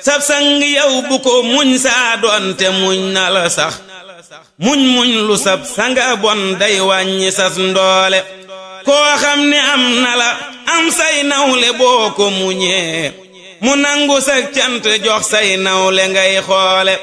sab sang yow bu ko muñ saa doonte muñ na la sax muñ muñ lu sab sanga bon day wàññi sas ndoole koo xam ne am na la am say nawle boo ko muñee mu nangu sa jox say nawle ngay xoole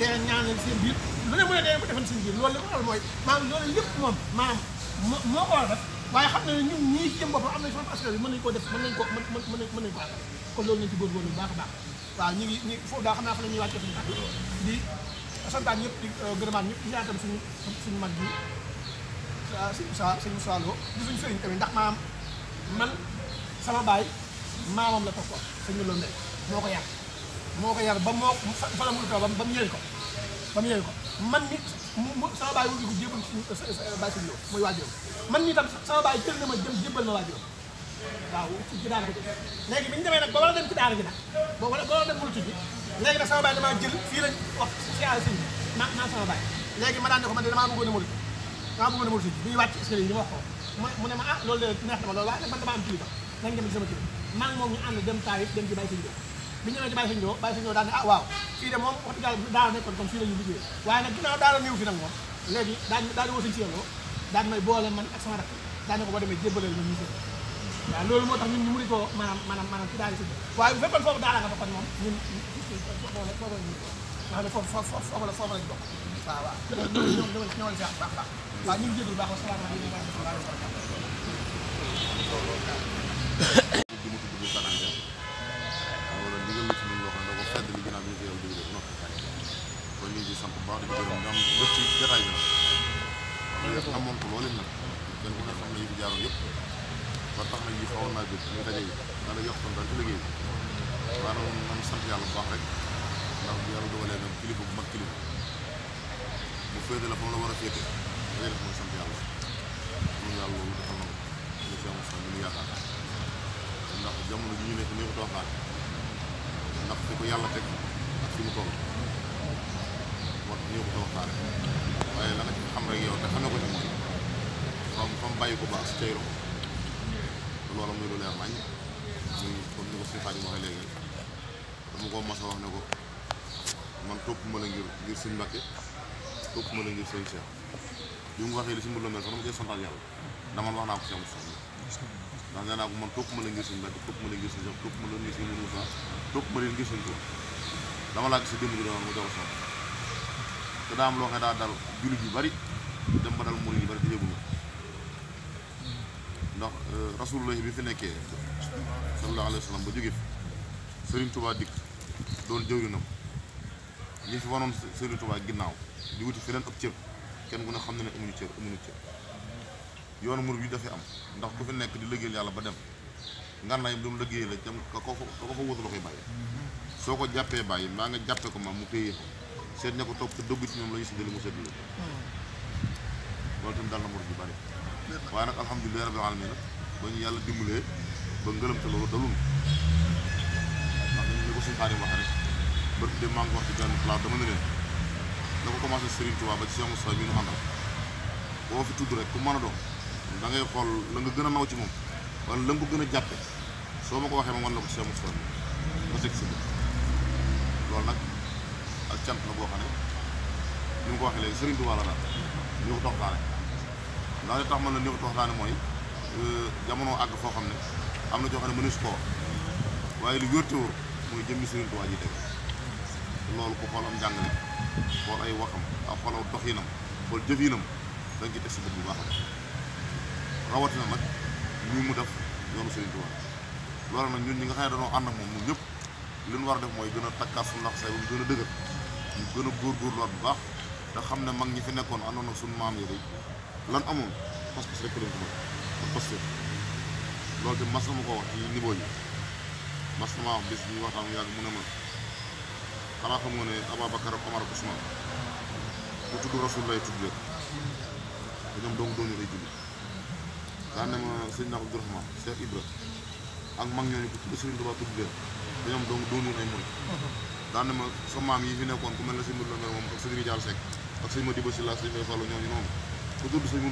dee ñaan seen biir lu ne mu ne dee ko defal seen biir loolu li ko waral mooy maam loolu lépp moom maam moo moo ko war a def waaye xam na ne ñun ñii ci jëm boppam am na xam askan bi mën nañ koo def mën nañ ko mën ko àggal kon loolu nañ ci a waaw ñu ngi ñu foofu daa xam naa fa la ñuy wàcce suñu xat di santaan ñëpp di euh, ñëpp di ñaatam suñu suñu mag bi suñu sa suñu saaloo di suñu sëriñ tamit ndax maam man sama baay maamam la toog ko suñu loolu nekk moo ko yàq moo ko yar ba moo fa la muy toog ba mu yëri ko ba mu yëri ko man nit mu sama baay wudi ko jébal suñu baay suñu yow muy waajur man nitam sama baay jël na ma jëm jébal ma waajur waaw ci daara ji léegi bi ñu demee nag ba war a dem ci daara ji nag ba war a dem mulu tijji léegi nag sama baay damaa jël fii lañ wax si àll si ma maa sama baay léegi ma daan ne ko man de damaa bëggoon a mulu damaa bëggoon a mulu tijji bi ñu wàcc escalier yi ma wax ko mu ne ma ah loolu de neex na ma loolu waaye nag man dama am kilifa nañ dem ci sama kilifa maa ngi moom ñu ànd dem taayit dem ci bay suñu yow bi ñu ñëwee ci Baye Serigne Lo Baye Serigne Lo daal ne ah waaw fii de moom wax dëgg yàlla daara nekkoon kon fii la ñuy liggéey waaye nag ginnaaw daara néew fi nag moom léegi daañ daa di woo Serigne Lo daal may boole man ak sama rakk daal ne ko boo demee jébbaleel ma ñu së waaw loolu moo tax ñun ñu mëni koo maanaam maanaam maanaam ci daal si waaye bu fekkoon foofu daara nga fa kon moom ñun foofu la ñu nga xam ne foofu foofu la foofu lañ bokk waaw waaw ñëwal si baax baax waaw ñu ngi jégalu baax wasalaamaaleykum wa rahmatulah ñu ngi sant bu baax di ko gërëm ñoom lépp ci jotaay bi la wax amoon ko loolu nag kenn ku ne xam ne yi fi jaaroon yëpp ba tax na yi xawoon naa jóg ñu daje yi da la yokkoon daal ci liggéey waaye nag man sant yàlla bu baax rek ndax bu yàlla dogalee nag kilifa bu mag kilifa bu féete la fa mu la war a féete da def mooy sant yàlla mun yàlla loolu defal na ko ñu fi amoon sax ndax jamono ji ñu nekk néew doo xaar ndax fi ko yàlla teg ak fi mu toll wax ñëw ko sama faare waaye la nga ci xam rek yow te xamee ko ci mooy fam fam bàyyi ko baax cay rom loolu muy lu leer nañ muy comme ni ko suñu xaaj waxee léegi dama ko mos a wax ne ko man topp ma la ngir ngir suñ Mbàkke topp ma la ngir sëñ Cheikh bi mu waxee li si mbir la mel sax dama cee santaat yàlla dama wax naa ko seen soxna ndax nee naa ko man topp ma la ngir suñ Mbàkke topp ma la ngir suñ Cheikh topp ma la ngir suñ Moussa topp ma leen ngir suñ Tuubaa dama laa gis si démb bi doon mu doon soxna te daa am loo xam daa dal jullit yu bari dem ba dal murid yu bari te yëgulu ndax euh, rasulullah bi fi nekkee sallallahu alayhi wa sallam ba jóge fi Serigne Touba dikk doon jëwrinam ñi fi wanoon Serigne Touba ginnaaw di wuti feneen ab cër kenn ku ne xam na ne amuñu cër amuñu cër yoonu murid bi dafa am ndax ku fi nekk di liggéeyal yàlla ba dem ngànnaay bi mu liggéeyee la dem ka ko fa ka la koy bàyyi mm-hmm. soo ko jàppee bàyyi maa ngi jàppee ko ma mu téye ko seet ña ko topp te dëgg ci ñoom la ñu séddale mu séddale hmm. loolu tamit dal na mur ju bari waaye nag alhamdulilah rabbil alamin yàlla dimbalee ba loolu dalul ndax dañu ne ko suñu xaar yi wax rek bërki de maa ngi wax ci benn place dama ne leen rek ku mën a doon da ngay xool la nga gën a naw ci moom wala la nga gën a jàppe soo ma ko waxee ma wan la loolu nag ak cant la boo xam ne ni mu ko waxee léegi Serigne Touba la daal ni ko toxtaane ndax li tax man la mooy euh, jamono àgg foo xam ne am na joo xam ne mënees waaye lu wér te wóor mooy jëmmi Serigne Touba ji teg loolu ku xool am jàngale xool ay waxam ak xoolaw doxinam lii mu def yoonu Serigne Touba loolu nag ñun ñi nga xam ne dañoo ànd ak moom ñun ñëpp. li ñu war a def mooy gën a takkaat suñu lax say bu gën a dëgër ñu gën a góorgóorluwaat bu baax te xam ne mag ñi fi nekkoon àndoon ak suñu maam yi lan amoon pas-pas rek lañ ko mën ak posture loolu te mas na ma ko wax ci niveau yi mas na maa wax bis ñuy waxtaan yàgg mu ne ma xanaa xam nga ne Ababacar ak Omar ak Ousmane ku tudd Rasul lay tudd leen te ñoom doomu doon ay jullit daan na ma sëñ Abdourahmane Cheikh Ibra ak mag ñooñu ku tudd Serigne Touba ñoom donc doonuñu ay murit mhm. daan na ma sa maam yi fi nekkoon ku mel ne sëñ Modou Lamine moom ak sëñ Rijaal Seck ak sëñ Madiba Sylla sëñ Bay Fallu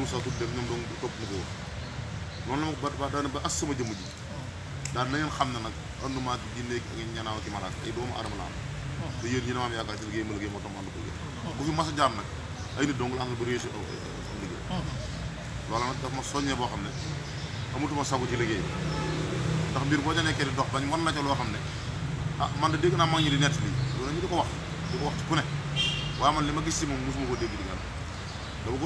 Sa tudd dem ñoom donc ko woon noonu la ma ko ba daana ba as sama jëmm ji mhm. daan na xam ne nag anduma ak jinne ak ñanaaw ki malaat ay doomu aadama la am mhm. te yéen ñi ne ma am yaakaar ci liggéey ma liggéey moo tax ma ànd ko liggéey ku fi mas a jaar nag ay nit donc la am na ba réussir am liggéey ma soññee ci liggéey ndax mbir boo ca nekkee di dox bañ wan na ca loo xam ne ah man de dégg naa mag ñi di nett lii ko wax di ko wax li ma gis si moom mosuma ko dégg di nga ah, li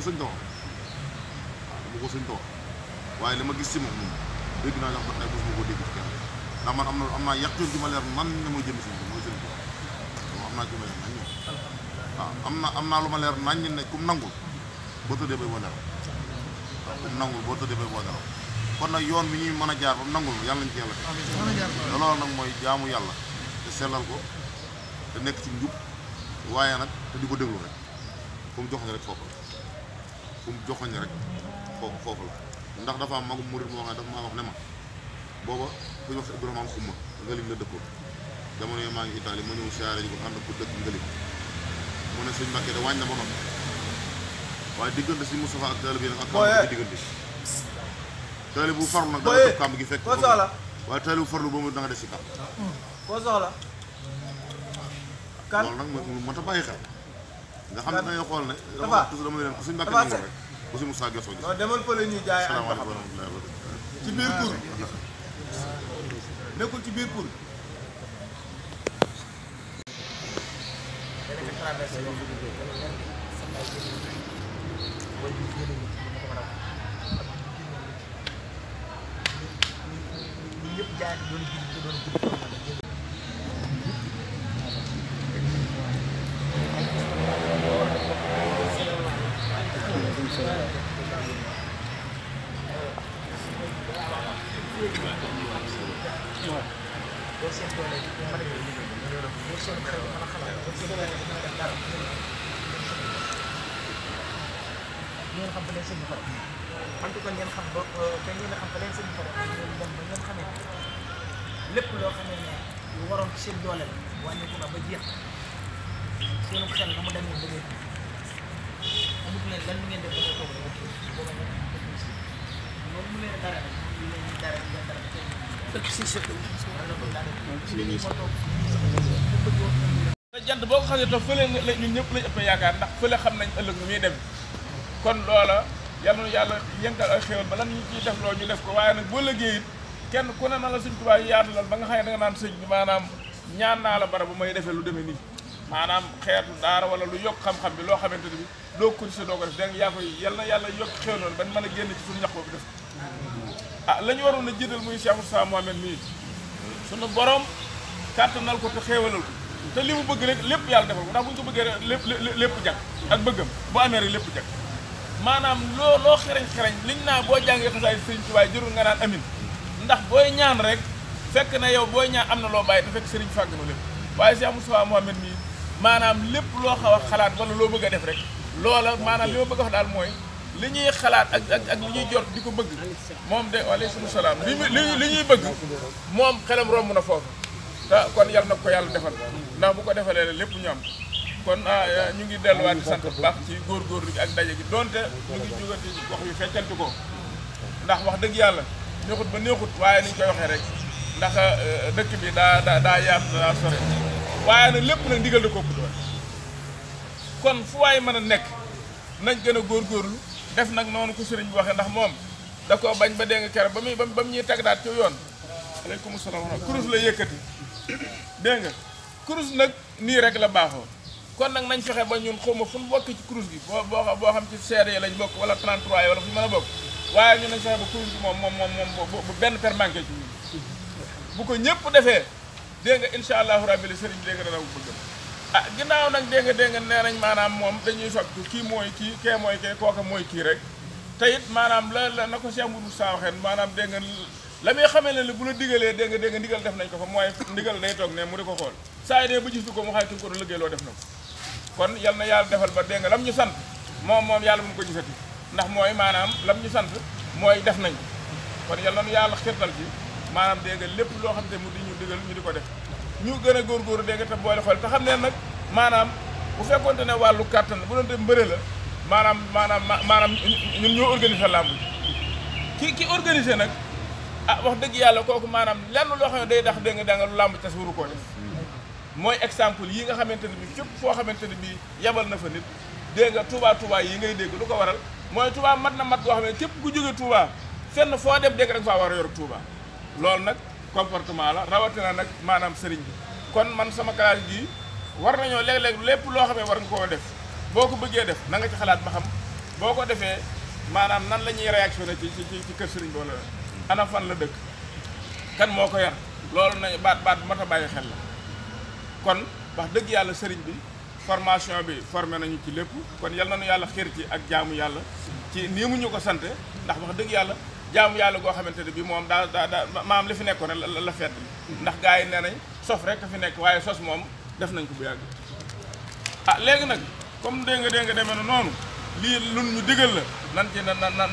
ma gis si moom naa jox ba tey mosuma ko dégg man am jëm si mooy sëñ ma leer ah, am na am naa lu ma leer nañ ne kum nangul boo tëddee bay boo ah, nelaw boo tëddee bay boo yoon bi ñuy mën a jaar ba yàlla nañ loolu nag mooy jaamu yàlla sellal ko te nekk ci njub waaye nag te di ko déglu rek fu rek foofu la fu mu joxoñ rek foofu foofu la ndax dafa am magum murit moo xam ne dafa maa wax ne ma booba ku ñu maa ngi Italie ma ñëw siyaare ji ko ànd ak ku dëkk ngalim mu ne suñ Mbàkke da wàññi na ba noppi waaye diggante si Moustapha ak taalibe bi nag ak kàmb gi diggante taalibe bu farlu nag danga def kàmb gi da def si koo soxla. kan nag mooy moo tax bàyyi xel. nga xam ne dañoo xool ne. dafa toujours dama leen ku suñu mbàkkee nii demal fële ñuy jaay ak taxaw ci biir Poul. ngeen xam fa leen sëñ bi fa def en tout cas ngeen xam ba te xam fa xamee waroon ci seen doole la wàññeeku na ba jeex seenu xel na mu demee toog ba nga loolu mu dara dara dara jant boo ko xam toog fële ñun ñëpp lañ ëpp yaakaar ndax fële xam nañ ëllëg nu muy dem kon loola yàlla na yàlla yëngal ak xéwal ba lan ñu def loo ñu def ko waaye nag boo liggéey it kenn ku ne na la sëñ Tuubaa yaatalal ba nga xam ne da naan sëñ bi maanaam ñaan naa la bara bu may defee lu demee nii maanaam xeetu daara wala lu yokk xam-xam bi loo xamante ni bi doo ko si doo ko def dégg nga yaa koy yal na yàlla yokk xéwal ban man a génn ci suñu ñax boobu def ah la ñu waroon a jiital muy Cheikh Moussa Mohamed mii suñu borom kàttanal ko te xéewalal ko te li mu bëgg rek lépp yàlla defal ko ndax bu ñu ko bëggee lépp lépp jag ak bëggam bu amee rek lépp jag maanaam loo loo xereñ-xereñ liñ naa boo jàngee xasaay Serigne Touba jërul nga naan amin ndax booy ñaan rek fekk na yow booy ñaan am na loo bàyyi te fekk Serigne fàgg na lépp waaye Cheikh Moustapha Mohamed mii maanaam lépp loo xaw a xalaat wala loo bëgg a def rek loola maanaam li ma bëgg a wax daal mooy li ñuy xalaat ak ak ak li ñuy jot di ko bëgg moom de aleykum salaam li li ñuy bëgg moom xelam romb na foofu te kon yàlla na ko yàlla defal ndax bu ko defalee lépp ñu am kon ah, eh, ñu ngi delluwaat di sant bu baax ci góorgóorlu gi ak daje gi donte ñu ngi jógati wax yu feccanti ko ndax wax dëgg yàlla neexut ba neexut waaye ni ñu koy waxee rek ndax eh, dëkk bi daa daa daa sore waaye nag lépp nag diggale da ko ëpp doole kon fu waay mën a nekk nañ gën a góor góorgóorlu def nag noonu ko sëriñ bi waxee ndax moom da ko bañ ba dee nga ba muy ba mu ñuy teg daat ci yoon aleykum salaam kurus la yëkkati dégg nga kurus nag nii rek la baaxoo kon nag nañ fexe ba ñun xaw ma fu ñu bokk ci kurus gi boo boo boo xam ci seere lañ bokk wala 33 yi wala fu ñu mën a bokk waaye ñun nañ fexe ba kurus gi bu ko ñëpp defee dégg nga incha allahu rabbi li sëriñ dégg dana bëgg ah ginnaaw nag dégg nee nañ maanaam moom dañuy soppi kii mooy kii kee mooy kee kooka mooy kii rek te it maanaam la la na ko Cheikh Mourou Moussa waxee maanaam dégg la muy xamee ne bu la digalee dégg dégg ndigal def nañ ko fa mooy ndigal day toog ne mu di ko xool saa yi dee ba gis ko mu xay ki ko doon liggéey def na ko kon yal na yàlla defal ba dégg nga lam ñu sant moom moom yàlla moom ko gisati ndax mooy maanaam lam ñu sant mooy def nañ kon yal na nu yàlla xirtal ci maanaam dégg lépp loo xam te mu di ñu digal ñu di ko def ñu gën a góorgóorlu dégg nga te boole xool te xam neen nag maanaam bu fekkonte ne wàllu kàttan bu doon te mbëre la maanaam maanaam maanaam ñun ñoo organiser làmb ki ki organiser nag a ah, wax dëgg yàlla kooku maanaam lenn loo xam ne day tax dégg nga danga lu làmb tas wuru koo mooy exemple yi nga xamante ne bi fépp foo xamante ne bi yabal na fa nit dégg nga Touba Touba yi ngay dégg lu ko waral mooy Touba mat na mat goo xam ne képp ku jóge Touba fenn foo dem dégg rek faa war a yor Touba loolu nag comportement la rawatina nag maanaam sëriñ bi kon man sama kalaas gi war nañoo léeg-léeg lépp loo xam ne war nga koo def boo ko bëggee def na nga ci xalaat ba xam boo ko defee maanaam nan la ñuy réactionné ci ci ci kër sëriñ boo la ana fan la dëkk kan moo ko yar loolu na baat baat bu mat a bàyyi xel la kon wax dëgg yàlla sëriñ bi formation bi formé nañu ci lépp kon yal nañu yàlla xiir ci ak jaamu yàlla ci nii mu ñu ko sante ndax wax dëgg yàlla jaamu yàlla goo xamante ne bi moom daa daa daa maam li fi nekkoon rek la fedd ndax gaa yi nee nañ sof rek fi nekk waaye sos moom def nañ ko bu yàgg ah léegi nag comme dégg nga dégg nga demee na noonu lii lun ñu digal la nan ci na na na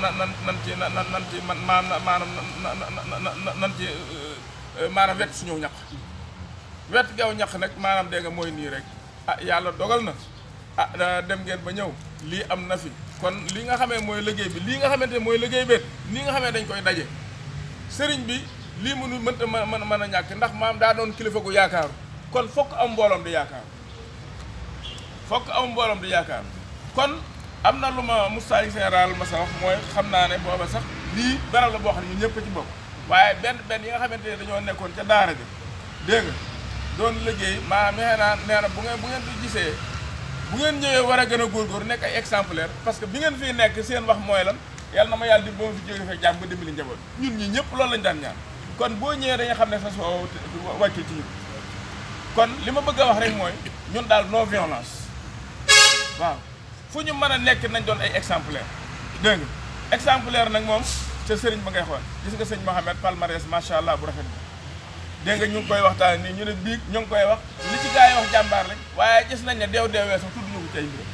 nan ci na nan ci man maanaam maanaam nan ci euh, maanaam wekk suñu ñaq wet gaw ñax nag maanaam dégg nga mooy nii rek ah yàlla dogal na ah dem ngeen ba ñëw lii am na fi kon lii nga xamee mooy liggéey bi lii nga xamante ne mooy liggéey beet nii nga xamee dañ koy daje sëriñ bi lii mënu mënta mën mën a ñàkk ndax maam daa doon kilifa gu yaakaaru kon fokk am mbooloom di yaakaar fokk am mbooloom di yaakaar kon am na lu ma moustali général ma sa wax mooy xam naa ne booba sax lii barab la boo xam ñëpp ci bokk waaye benn benn yi nga xamante ne dañoo nekkoon ca daara ji dégg doon léggéey maa nee naa nee na bu ngeen bu ngeen gisee bu ngeen ñëwee war a gën a góor nekk ay exemplaire parce que bi ngeen fii nekk seen wax mooy lan yàlla na ma yàlla di ba ma fi jóge fekk jàmm ba dimbali njaboot ñun ñi ñëpp loolu lañu daan ñaan kon boo ñëwee dañu xam ne fas woo wàccu ci ñun kon li ma bëgg a wax rek mooy ñun daal noo violence waaw fu ñu mën a nekk nañ doon ay exemplaire dégg nga nag moom ca sëriñ ba ngay xool gis nga sëñ Mohamed palmarès macha allah bu rafet dégg nga ñu ngi koy waxtaan nii ñu ne biig ñu ngi koy wax li ci gars yi wax jàmbaar lañ waaye gis nañ ne deew deewee sax tudd ñu ko ci ay mbir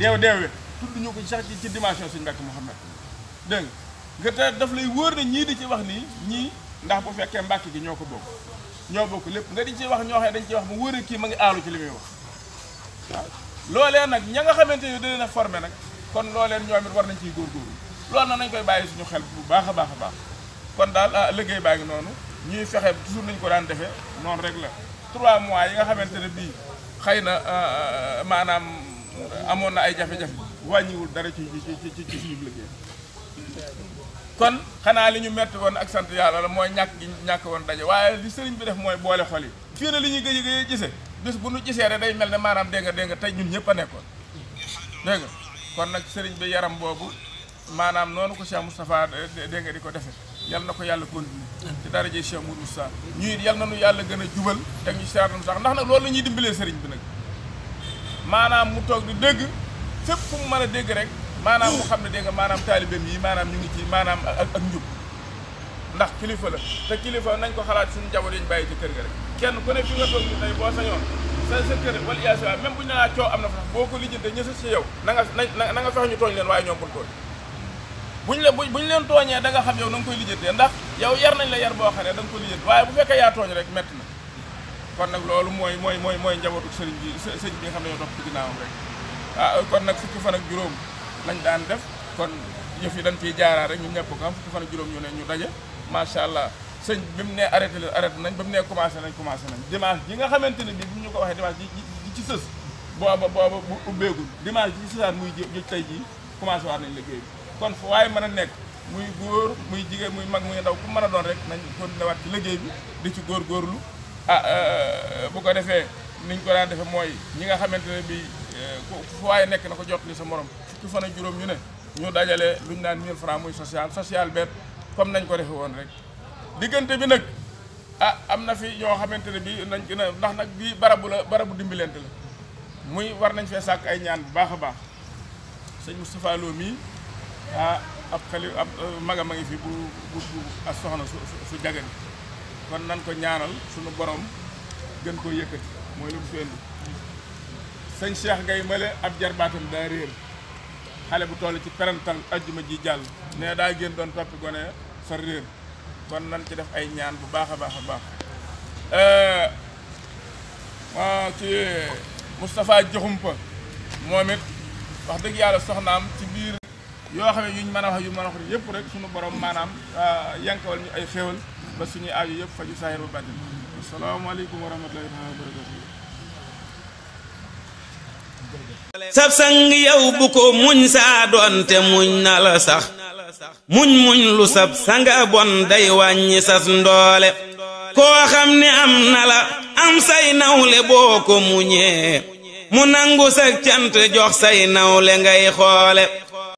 deew deewee tudd ñu ko sax ci ci dimension suñu mbokk Mouhamed dégg nga te daf lay wóor ne ñii di ci wax nii ñii ndax bu fekkee mbàkk gi ñoo ko bokk ñoo bokk lépp nga di ci wax ñoo xam dañ ci wax mu wóor a kii ma ngi aalu ci li muy wax waaw loolee nag ña nga xamante ne dina formé nag kon looleen ñoom it war nañ ciy góorgóorlu loolu nag nañ koy bàyyi suñu xel bu baax a baax a baax kon daal ah liggéey baa ngi noonu ñuy fexe toujours nañu ko daan defee noonu rek la trois mois yi nga xamante ne bii xëy na ah, ah, maanaam amoon na ay jafe-jafe wàññiwul dara ci ci ci ci suñu liggéey kon xanaa li ñu metti woon ak sant yàlla la mooy ñàkk ñàkk woon daje waaye li sëriñ bi def mooy boole xol yi. fii na li ñu gëj a gisee bis bu nu gisee rek day mel ne maanaam dégg nga dégg nga tey ñun ñëpp a nekkoon dégg nga kon nag sëriñ bi yaram boobu maanaam noonu ko Cheikh Moustapha dégg nga di ko defee. yal na ko yàlla continuer ci daraje Cheikh Mourou Sa ñu it yal na nu yàlla gën a jubal teg ñu siraatam sax ndax nag loolu la ñuy dimbalee sëriñ bi nag maanaam mu toog di dégg fépp fu man a dégg rek maanaam mu xam ne dégg maanaam taalibeem yi maanaam ñu ngi ci maanaam ak njub ndax kilifa la te kilifa nañ ko xalaat suñu njaboot yi bay bàyyi ga rek kenn ku ne fi nga toog ni tey boo sañoon sa sa kër wala yaasi même bu ñu ne coow am na fa boo ko lijjante ñësa yow na nga na nga fexe ñu tooñ leen waaye ñoom bul tooñ bu la buñ leen tooñee da nga xam yow na nga koy lijjatee ndax yow yar nañ la yar boo xam ne da nga koy lijjat waaye bu fekkee yaa tooñ rek metti na kon nag loolu mooy mooy mooy mooy njabootu sëriñ bi sëriñ bi nga xam ne ñoo topp ci ah, kon nag fukki fan ak juróom nañ daan def kon yëf yi dañ ciy jaaraat rek ñu ñëpp ko am fukki fan ak juróom ñu ne ñu daje macha allah sëñ bi mu ne arrêté leen arrêté nañ ba mu ne commencé nañ commencé nañ dimanche ji nga xamante ne bii bi ñu ko waxee dimanche ji ci sës booba booba bu ubbeegul dimanche ji ci sësaat muy jë tey jii commencé waat nañ liggéey bi kon fu waaye mën a nekk muy góor muy jigéen muy mag muy ndaw ku mën a doon rek nañ continuewaat ci liggéey bi di ci góorgóorlu ah euh, bu ko defee niñ ko daan defee mooy ñi nga xamante ne bii euh, fu waaye nekk na ko jot li sa morom fukki fan ak juróom ñu ne ñu dajale luñ naan 1000 francs muy social social bet comme nañ ko defe woon rek diggante bi nag ah am na fi ñoo xamante ne bii nañ ndax nag bii barabu la barabu dimbilante la muy war nañ fee sàkk ay ñaan bu baax a baax sëñ Moustapha mii ah ab xali ab euh, maga ma ngi fi bu bu a soxna su su kon nan ko ñaanal suñu borom gën koo yëkkati mooy lu mu fi indi sëñ Cheikh ngay male ab jarbaatam daa réer xale bu toll ci perantal ajjuma ji jàll ne daa gën doon toppi gone sa réer kon nan ci def ay ñaan bu baax a baax a baax ma euh, ah, ci Moustapha moom it wax dëgg yàlla soxnaam ci biir yoo xam ne yuñ mën a wax yu a wax yëpp rek suñu borom maanaam ah, yankawal ñu bu ko muñ saa doonte na la sax muñ muñ lu sab bon day wàññi sas ndoole koo xam ne am na la am say nawle boo ko muñee mu nangu sa jox say nawle ngay xoole